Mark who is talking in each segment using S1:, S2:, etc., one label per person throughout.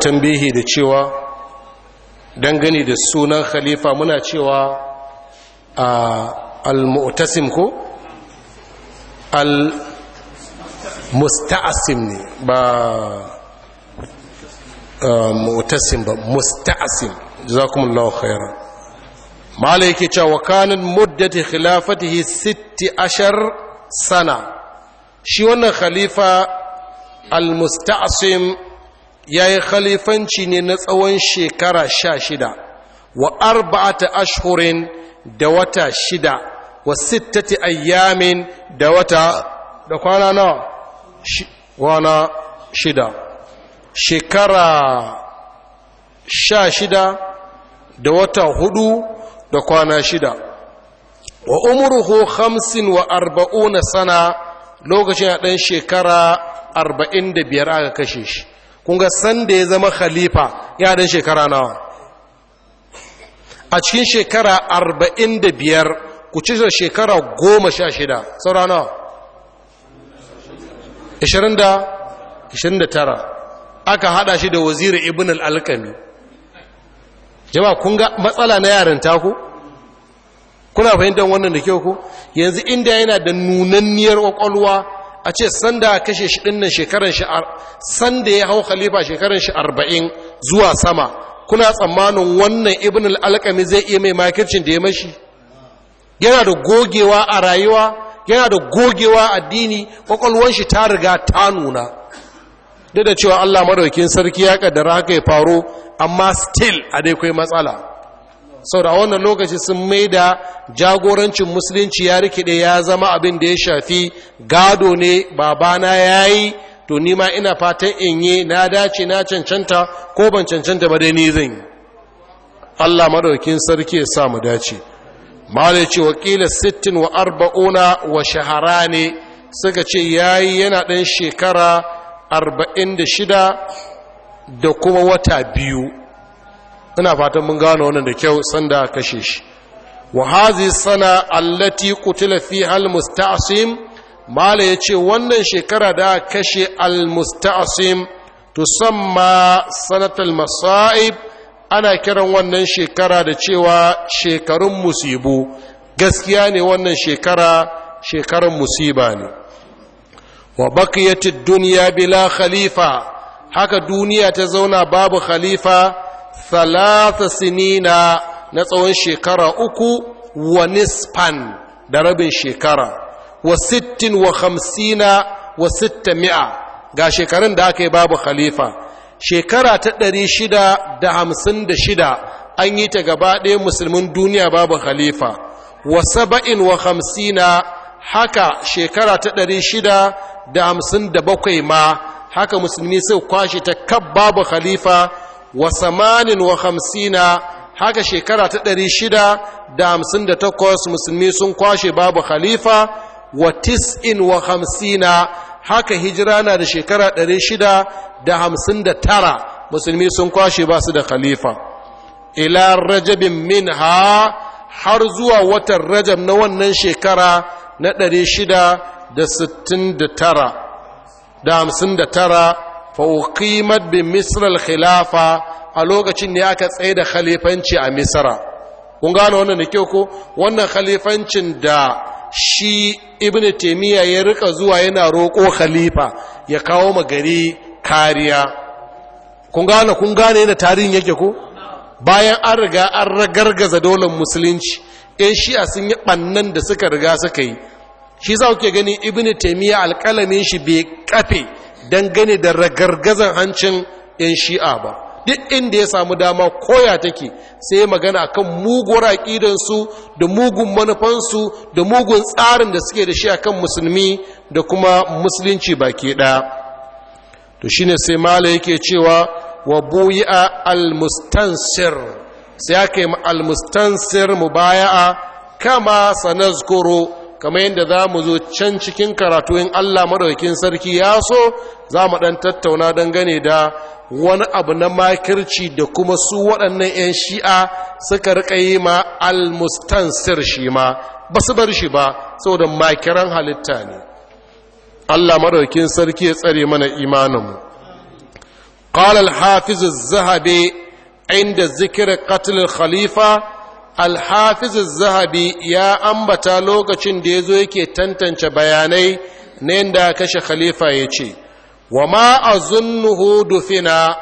S1: tambihi da cewa dangane da sunan khalifa muna cewa a al-mu'tasim ko al-musta'asim ne ba mu'tasim ba musta'asim jazakumullahu khairan mala yake cewa kanin muddati khilafatihi sitti ashar sana shi wannan khalifa al-musta'asim ya yi khalifanci ne na tsawon shekara sha shida wa arba'ata ashhurin da wata shida wa sittati ayyamin da wata da kwana na wana shida shekara sha shida da wata hudu da kwana shida wa umruhu hamsin wa arba'una sana lokacin a ɗan shekara arba'in da biyar aka kashe shi kun ga sanda ya zama khalifa ya dan shekara nawa a cikin shekara arba'in da biyar ku ci shekara goma sha shida saura nawa ashirin da da tara aka hada shi da waziri ibn al'alkami jama kun ga matsala na yaran taku kuna fahimtar wannan da kyau ku yanzu inda yana da nunanniyar kwakwalwa a ce sanda a kashe shi dinnan shekaran shi sanda ya hau khalifa shekaran shi arba'in zuwa sama kuna tsammanin wannan ibn al zai iya mai makircin da ya mashi yana da gogewa a rayuwa yana da gogewa a addini ƙwaƙwalwan shi ta riga ta nuna duk da cewa Allah madaukin sarki ya kaddara haka ya faru amma still a dai kai matsala sau da wannan lokaci sun maida jagorancin musulunci ya rikide ya zama abin da ya shafi gado ne babana ya yi to nima ina fatan in yi na dace na cancanta ko ban cancanta ba dai ni zan yi allah madaukin sarki ya sa mu dace malai ce wakila sittin wa arba'una wa shahara ne suka ce ya yi yana ɗan shekara arba'in da shida da kuma wata biyu ina fatan mun gano wannan da kyau sanda kashe shi wa hazi sana allati qutila fiha almusta'sim mala yace wannan shekara da kashe almusta'sim tusamma sanatar masa'ib ana kiran wannan shekara da cewa shekarun musibu gaskiya ne wannan shekara shekarun musiba ne wa baqiyatid dunya bila khalifa haka duniya ta zauna babu khalifa thalatha sinina na tsawon shekara uku wa nisfan da rabin shekara wa sittin wa hamsina wa sitta mi'a ga shekarun da aka yi babu khalifa shekara ta ɗari shida da hamsin da shida an yi ta gaba ɗaya musulmin duniya babu khalifa wa saba'in wa hamsina haka shekara ta ɗari shida da hamsin da bakwai ma haka musulmi sai kwashe ta kab babu khalifa wa samanin wa hamsina haka shekara ta ɗari shida da hamsin da takwas musulmi sun kwashe babu khalifa wa tis'in wa hamsina haka hijira na da shekara ɗari shida da hamsin da tara musulmi sun kwashe ba su da khalifa ila rajabin min ha har zuwa watan rajab na wannan shekara na ɗari shida da sittin da tara da hamsin da tara fauƙimar bin misral khilafa a lokacin ne aka tsaye da khalifanci a misra kun gano wannan da ke ko wannan khalifancin da shi ibn taimiyya ya rika zuwa yana roƙo khalifa ya kawo magari kariya kun gano kun gane yana tarihin yake ko bayan an riga an ragargaza daular musulunci yan shi'a sun yi ɓannan da suka riga suka yi shi za kuke gani ibn taimiyya alkalamin shi bai kafe dangane da ragargazan hancin 'yan shi'a ba duk inda ya samu dama koya take sai magana akan muguwar aƙidansu da mugun manufansu da mugun tsarin da suke da shi akan musulmi da kuma musulunci baki ɗaya to shine sai mala yake cewa wa a almustansir sai aka yi almustansir mubaya'a kama sanazkuru kamar yadda za mu zo can cikin karatu in Allah madaukin sarki ya so za mu ɗan tattauna dangane da wani abu na makirci da kuma su waɗannan 'yan shi'a suka riƙa yi ma almustansir shi ma ba su bar shi ba saboda makiran halitta ne Allah madaukin sarki ya tsare mana imaninmu qala al-hafiz az-zahabi inda zikr qatl khalifa alhafiz zahabi ya ambata lokacin da ya zo yake tantance bayanai na yadda kashe khalifa ya ce wa ma a zunnuhu dufina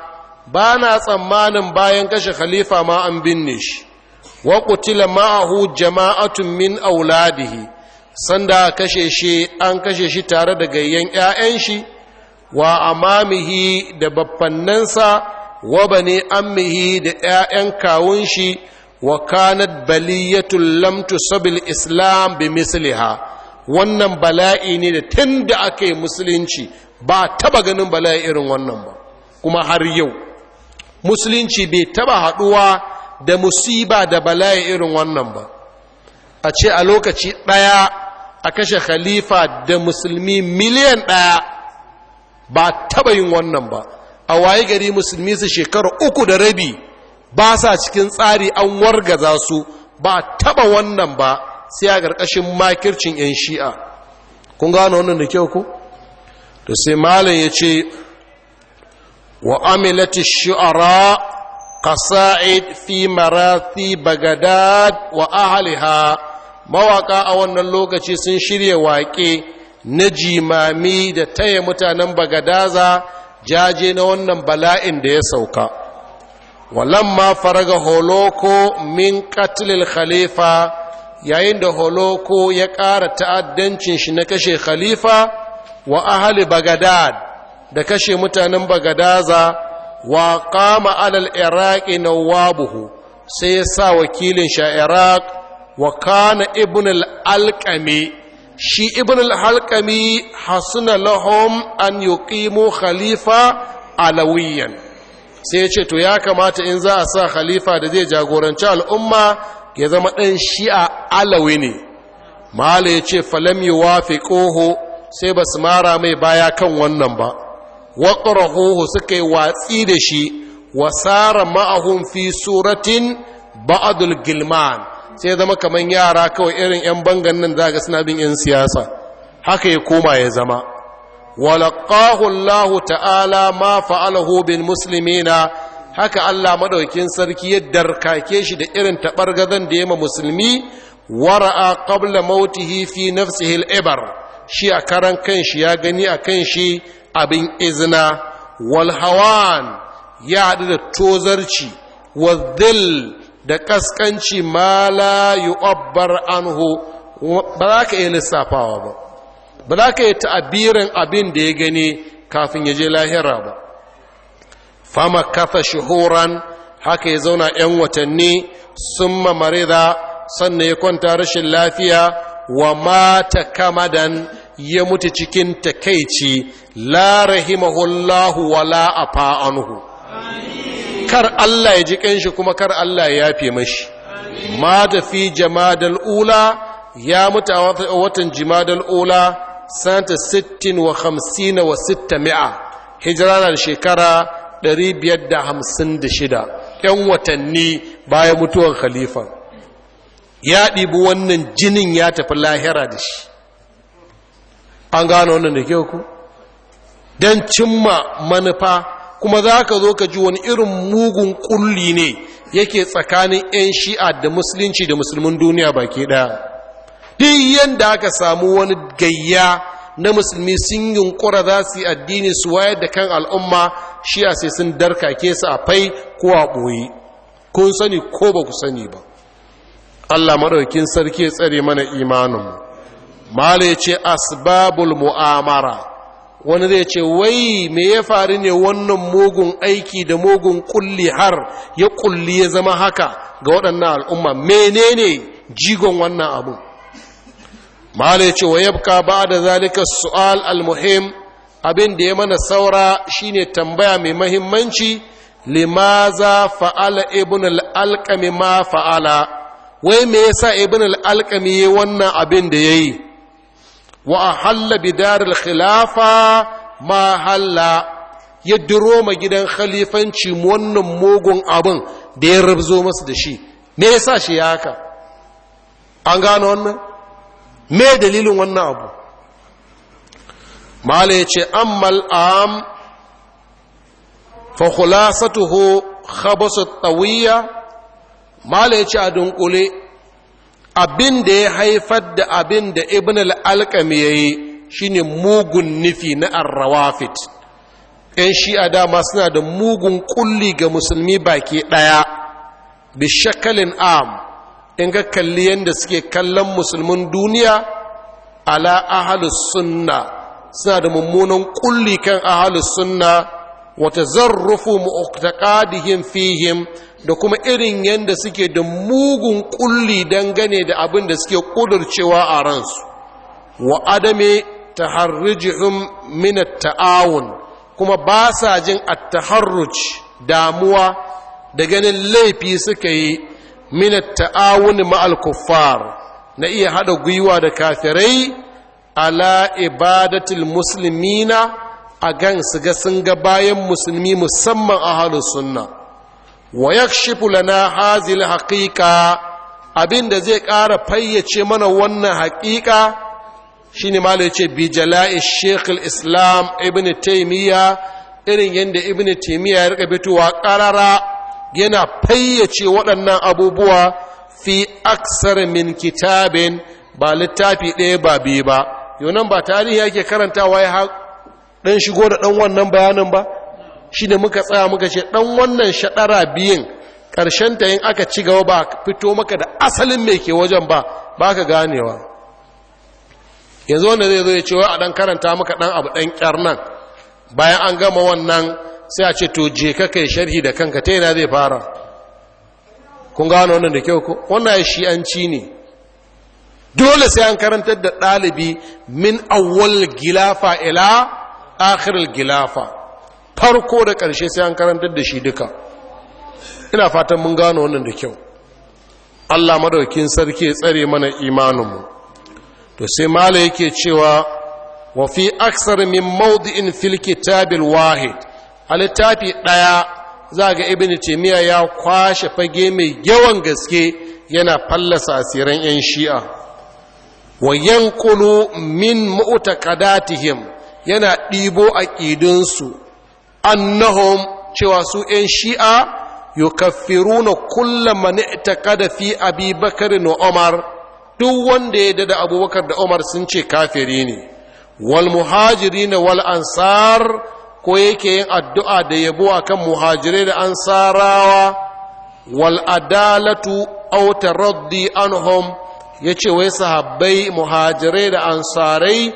S1: ba na tsammanin bayan kashe khalifa ma an binne shi wa kutila ma'ahu jama'atun min auladihi sanda kashe shi an kashe shi tare da gayyan 'ya'yan shi wa amamihi da baffannansa wa ne ammihi da 'ya'yan kawun shi وكانت بلية لم تصب الإسلام islam bi misliha wannan bala'i ne da tun da aka yi musulunci ba taba ganin bala'i irin wannan ba kuma har yau musulunci bai taba haduwa da musiba da bala'i irin wannan ba a ce a lokaci ɗaya a kashe khalifa da musulmi miliyan ɗaya ba taba yin wannan ba a waye gari musulmi su shekara uku da rabi ba sa cikin tsari an wargaza su ba taba wannan ba sai a ƙarƙashin makircin 'yan shi'a kun gano wannan da kyau ku? da sai malam ya ce wa amilati shi'ara kasa'id fi marathi bagadad wa ahaliha mawaka a wannan lokaci sun shirya waƙe na jimami da taya mutanen bagadaza jaje na wannan bala'in da ya sauka walamma faraga holoko min katilil khalifa yayin da holoko ya ƙara ta'addancin shi na kashe khalifa wa ahali bagadad da kashe mutanen bagadaza wa kama alal iraqi nawabuhu sai ya sa wakilin shi a iraq wa kana ibn al-alqami shi ibn al-alqami hasuna lahum an yuqimu khalifa alawiyan sai ya ce to ya kamata in za a sa khalifa da zai jagoranci al'umma ya zama ɗan shi'a alawi ne mahala ya ce falam yi wafe ƙoho sai ba su mara mai baya kan wannan ba Waƙar ƙoho suka yi watsi da shi wasara ma'ahun fi suratin ba'adul gilman sai zama kamar yara kawai irin 'yan bangan nan za ga suna bin 'yan siyasa haka ya koma ya zama walaqahu Allah ta'ala ma fa'alahu bil muslimina haka Allah madaukin sarki ya kake shi da irin tabargazan da yema musulmi wara'a qabla mautihi fi nafsihi al-ibar shi a karan shi ya gani a kan shi abin izina wal hawan ya haɗu da tozarci wa dhil da kaskanci ma yu'abbar anhu ba za ka iya lissafawa ba ba za ka yi ta'abirin abin da ya gani kafin ya je lahira ba fama kafa shuhuran haka ya zauna 'yan watanni sun marida sannan ya kwanta rashin lafiya wa mata kamadan ya mutu cikin takaici la rahimahullahu wala afa anhu kar Allah ya ji kanshi kuma kar Allah ya yafe mashi ma da fi jamadal ula ya mutu a watan jimadal ula Santa sittin wa hamsina wa sitta mi'a hijira na shekara 556 'yan watanni bayan mutuwan khalifa ya ɗibi wannan jinin ya tafi lahira da shi an gano wannan da kyau ku don cimma manufa kuma za ka zo ka ji wani irin mugun kulli ne yake tsakanin 'yan shi'a da musulunci da musulmin duniya baki ɗaya duk yadda aka samu wani gayya na musulmi sun yi yunkura za su yi addini su wayar da kan al'umma shi a sai sun darka ke su a fai ko a ɓoye kun sani ko ba ku sani ba allah maɗaukin sarki ya tsare mana imaninmu mala ya ce asbabul mu'amara wani zai ce wai me ya faru ne wannan mugun aiki da mugun kulli har ya kulli ya zama haka ga waɗannan al'umma menene jigon wannan abun mala ya ce wa yabka ba da zalika su'al al-muhim abin da ya mana saura shine tambaya mai mahimmanci limaza fa'ala ibn al ma fa'ala wai me yasa ibn al-alqami wannan abin da yayi wa ahalla bidar al-khilafa ma halla ya duro ma gidan khalifanci wannan mugun abin da ya rubzo masa da shi me yasa shi ya haka an gano wannan me dalilin wannan abu mala ya ce ammal am fa khulasatuhu khabasu tawiyya mala ya ce a dunkule abin da ya haifar da abin da ibn al-alqam yayi shine mugun nufi na arrawafit yan shi'a dama suna da mugun kulli ga musulmi baki daya bi shakalin am in ga kalli yadda suke kallon musulmin duniya ala ahalus sunna suna da mummunan kulli kan ahalus sunna wata zarrufu mu'taqadihim fihim da kuma irin yadda suke da mugun kulli gane da abin da suke kudurcewa a ransu wa adame taharrujihim min ta'awun kuma ba sa jin at-taharruj damuwa da ganin laifi suka yi min at ma'al kuffar na iya hada gwiwa da kafirai ala ibadatul muslimina a gan su ga sun ga bayan musulmi musamman a ahlus sunna wa yakshifu lana hazil abin abinda zai ƙara fayyace mana wannan haƙiƙa shine malo yace bi jala'i shekul islam ibn taimiyya irin yadda ibn taimiyya ya rika fitowa ƙarara yana fayyace waɗannan abubuwa fi aksar min kitabin ba littafi ɗaya ba biyu ba yonan ba tarihi yake wa ya ɗan shigo da ɗan wannan bayanin ba shi ne muka tsaya muka ce ɗan wannan shaɗara biyun ƙarshen ta yin aka ci gaba ba fito maka da asalin mai ke wajen ba ba ka ganewa yanzu wanda zai zo ya ce wa a ɗan karanta maka ɗan abu ɗan ƙyar nan bayan an gama wannan sai a ce to je ka kai sharhi da kanka ta yana zai fara kun gano wannan da kyau ko wannan shi'anci ne dole sai an karantar da ɗalibi min awwal gilafa ila akhirul gilafa farko da ƙarshe sai an karantar da shi duka ina fatan mun gano wannan da kyau Allah madaukin sarki ya tsare mana imaninmu to sai mala yake cewa wa fi aksar min mawdi'in fil kitabil wahid a littafi ɗaya za ga ibn taimiyya ya kwashe fage mai yawan gaske yana fallasa tseren 'yan shi'a wa yankulu min kadatihim yana ɗibo a aƙidinsu annahum cewa su 'yan shi'a na kulla man i'taqada fi abi bakr na umar duk wanda ya da abubakar da umar sun ce kafiri ne wal muhajiri na wal ansar ko yake yin addu'a da yabo a kan muhajirai da ansarawa wal'adalatu autar raddi anhum ya ce wai sahabbai muhajirai da ansarai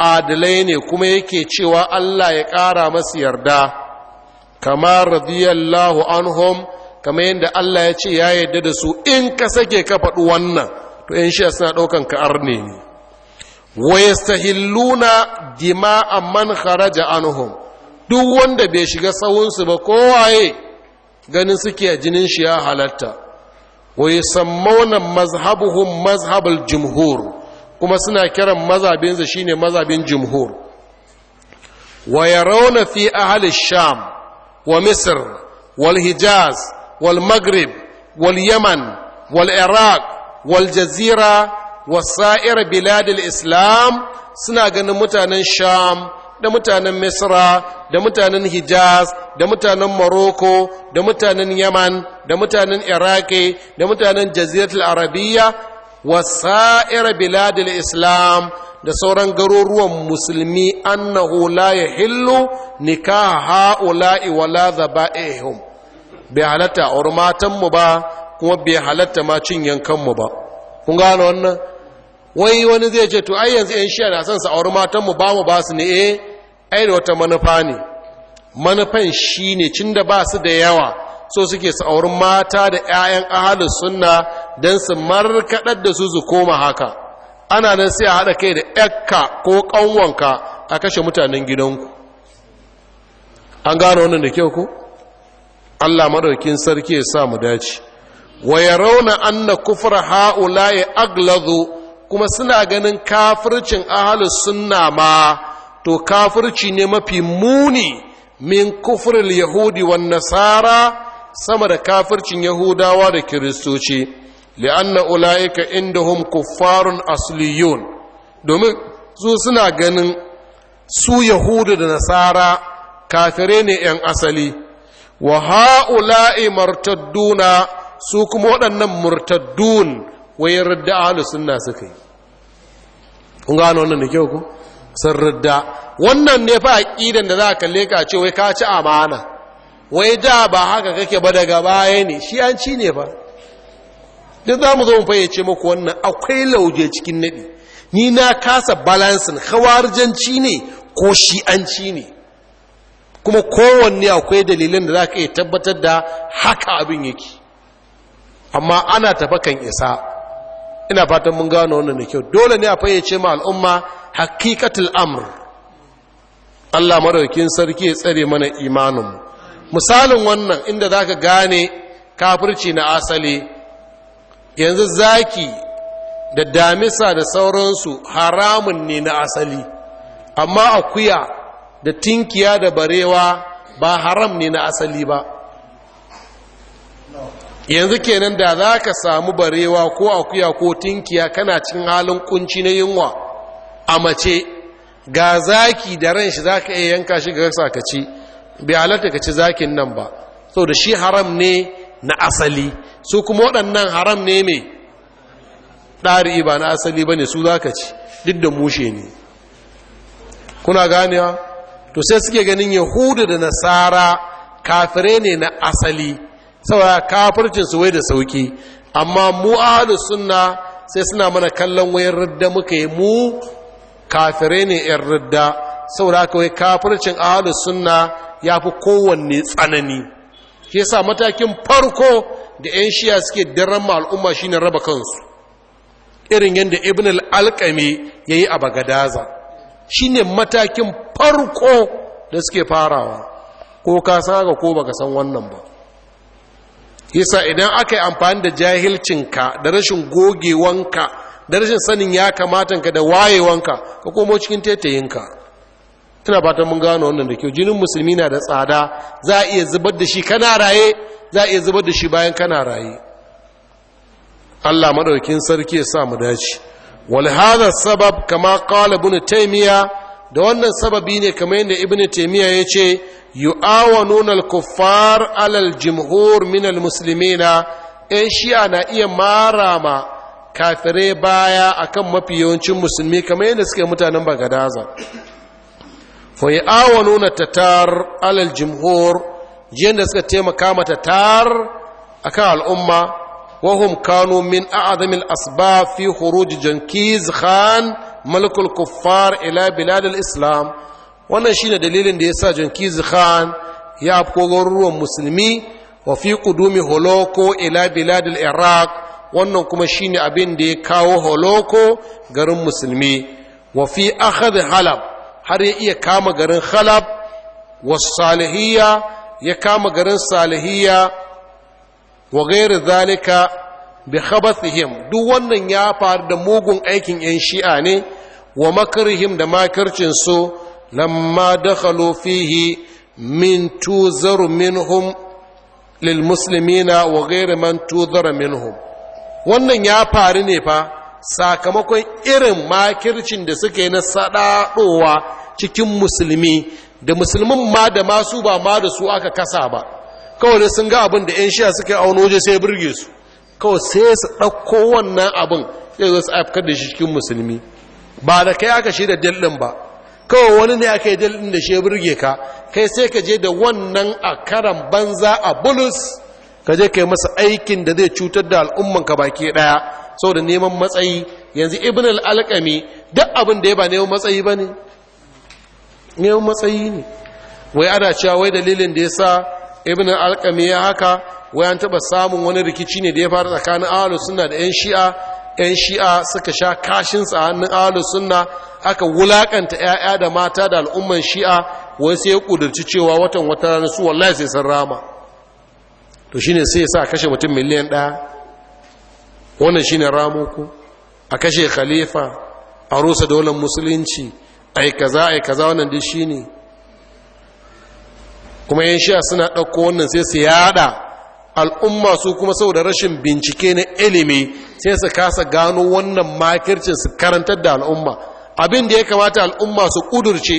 S1: adalai ne kuma yake cewa Allah ya ƙara masu yarda kama radiyallahu anhum kama yadda Allah ya ce ya yarda da su in ka sake ka faɗi wannan to in shi suna ɗaukan ka arne ne wa yastahilluna a man kharaja anhum duk wanda bai shiga sahunsu ba kowaye ganin suke a jinin shi ya halatta wa yusammuna mazhabuhum mazhabul jumhur kuma suna kiran su shine mazabin jumhur wa yarawna fi ahli sham wa misr wal hijaz wal maghrib wal yaman wal iraq wal jazira wasa'ir bilad al islam suna ganin mutanen sham da mutanen misra da mutanen hijaz da mutanen Maroko, da mutanen yaman da mutanen iraki da mutanen jaziratul arabiya wasa'ir biladil islam da sauran garuruwan musulmi annahu la yahillu nikah ha'ula'i Zaba, zaba'ihum bai halatta a mu ba kuma bai halatta ma cin yankan ba kun gano wannan wai wani zai ce to ai yanzu yan shiya na son sa auri matan mu ba mu ba su ne eh ai wata manufa ne manufan shi ne cin da ba su da yawa so suke saurin mata da 'ya'yan ahalin sunna don su markaɗar da su su koma haka ana nan sai a haɗa kai da ƴakka ko ƙanwanka a kashe mutanen gidanku an gano wannan da kyau ko allah maɗaukin sarki ya sa mu dace wa ya rauna an na kufar ha'ula ya aglazo kuma suna ganin kafircin ahalus sunna ma to kafirci ne mafi muni min kufril yahudi wa nasara sama da kafircin yahudawa da kiristoci li'anna ula'ika indahum kuffarun asliyun domin su suna ganin su yahudu da nasara kafire ne 'yan asali wa ha'ula'i martadduna su kuma waɗannan murtaddun wayar da ahalu suka yi kun gano wannan da kyau ko? sun rida wannan ne fa aqidan da za ka kalle ka ce wai ka ci amana wai da ba haka kake ba daga baya ne shi an ci ne fa duk za mu zo mu fayyace muku wannan akwai lauje cikin nadi ni na kasa balansin hawarjanci ne ko shi an ci ne kuma kowanne akwai dalilin da za ka iya tabbatar da haka abin yake amma ana tafakan isa ina fatan mun gano wannan da kyau dole ne a fayyace ma al'umma haqiqatul amr Allah maraukin sarki ya tsare mana imanin misalin wannan inda za ka gane kafirci na asali yanzu zaki da damisa da sauransu haramun ne na asali amma akuya da tinkiya da barewa ba haram ne na asali ba yanzu kenan da za ka samu barewa ko akuya ko tinkiya kana cin halin kunci na yunwa a mace ga zaki da ran shi za ka iya yanka shi ga sa ka ci bai halatta ka ci zakin nan ba da shi haram ne na asali su kuma waɗannan haram ne mai ɗari ba na asali ba ne su ka ci duk da mushe ne kuna ganewa to sai suke ganin yahudu da nasara kafirai ne na asali saboda kafircin su wai da sauki amma mu ahlus sunna sai suna mana kallon wayar da muka yi mu Kafire ne yan ridda saboda kawai kafircin ahalus sunna ya fi kowanne tsanani Ke sa matakin farko da 'yan shiya suke ma al'umma shine raba kansu irin yadda ibn al'alƙami ya yi a bagadaza shine matakin farko da suke farawa ko ka sa ga ko baka san wannan ba yasa idan aka yi amfani da jahilcinka da rashin gogewanka da rashin sanin ya kamata ka da wayewanka ka komo cikin tetayinka Tana fatan mun gano wannan da kyau jinin musulmi na da tsada za a iya zubar da shi kana raye za a iya zubar da shi bayan kana raye Allah madaukin sarki ya sa mu dace wal hadha sabab kama qala ibn taymiya da wannan sababi ne kamar yadda ibn taymiya yace yu'awanuna al-kuffar alal jumhur min al-muslimina eh shi'a na iya marama kafirai baya akan mafi yawancin musulmi kamar yadda suke mutanen bagadaza fa Awa nuna tatar alal jimhur jiyan da suka taimaka ma tatar akan al'umma wahum kanu min a'azamil asba fi huruji jankiz khan malikul kuffar ila biladil islam wannan shine dalilin da yasa jankiz khan ya afko garuruwan musulmi wa fi qudumi holoko ila biladil iraq wannan kuma shine abin da ya kawo holoko garin musulmi wa fi akhadh halab har ya iya kama garin halab wa salihiyya ya kama garin salihiyya wa gaira zalika bi khabathihim duk wannan ya faru da mugun aikin yan shi'a ne wa makrihim da makarcin su lamma dakhalu fihi min tuzaru minhum lil muslimina wa gaira man tuzara wannan ya faru ne fa sakamakon irin makircin da suka yi na sadaɗowa cikin musulmi da musulmin ma da masu ba ma da su aka kasa ba kawai sun ga abin da 'yan shiya suka yi auno je sai birge su kawai sai su ɗauko wannan abin sai zo su afkar da shi cikin musulmi ba da kai aka shi da dillin ba kawai wani ne aka yi dillin da shi birge ka kai sai ka je da wannan a karan banza a bulus ka je kai masa aikin da zai cutar da al'umman ka baki daya saboda neman matsayi yanzu ibn al duk abin da ya ba neman matsayi bane neman matsayi ne wai ana cewa wai dalilin da yasa ibn al-alqami ya haka wai an taba samun wani rikici ne da ya fara tsakanin ahlus suna da yan shi'a yan shi'a suka sha kashin sa hannun ahlus sunna aka wulakanta 'ya'ya da mata da al'umman shi'a wai sai ya kudurci cewa watan wata ranar su wallahi sai sun rama to shine sai sa kashe mutum miliyan ɗaya wannan shine ramuku a kashe khalifa a rusa dolan musulunci a yi kaza a yi kaza wannan duk ne. kuma yan shi'a suna ɗauko wannan sai su yada al'umma su kuma saboda rashin bincike na ilimi sai su kasa gano wannan makircin su karantar da al'umma abin da ya kamata al'umma su kudurce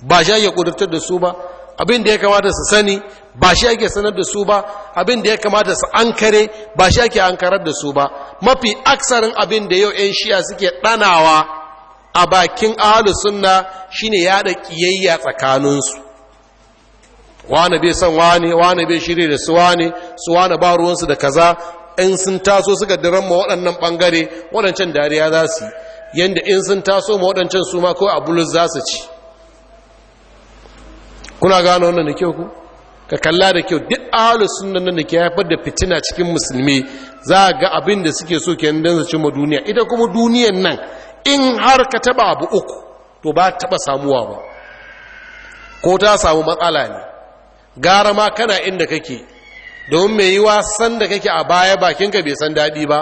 S1: ba shi ya kudurtar da su ba abin da ya kamata su sani ba shi ake sanar da su ba abin da ya kamata su an kare ba shi ake an karar da su ba mafi aksarin abin da yau 'yan shiya suke ɗanawa a bakin ahalu sunna shine yaɗa ƙiyayya tsakaninsu wane bai son wane wane bai shirya da su wane su wane ba ruwansu da kaza in sun taso suka diran ma waɗannan ɓangare waɗancan dariya za su yadda in sun taso ma waɗancan su ma kawai a bulus za su ci kuna gano wannan da kyau ku ka kalla da kyau duk ahalu sunan nan da ke haifar da fitina cikin musulmi za a ga abin da suke so ke dan su cimma duniya ita kuma duniyan nan in har ka taba abu uku to ba taba samuwa ba ko ta samu matsala ne gara ma kana inda kake domin mai yi san da kake a baya bakinka bai san daɗi ba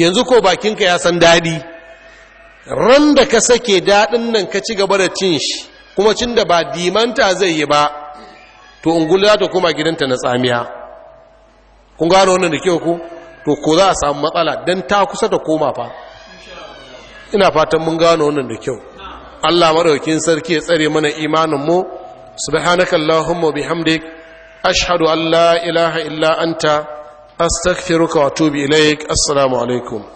S1: yanzu ko bakinka ya san daɗi ran da ka sake daɗin nan ka ci gaba da cin shi kuma cin da ba dimanta zai yi ba to ungulu za ta koma gidanta na tsamiya kun gano wannan da kyau ku to ko za a samu matsala don ta kusa ta koma fa ina fatan mun gano wannan da kyau Allah maɗaukin sarki ya tsare mana imaninmu subhanakallahumma bihamdik ashhadu an la ilaha illa anta astaghfiruka wa atubu ilaik assalamu alaikum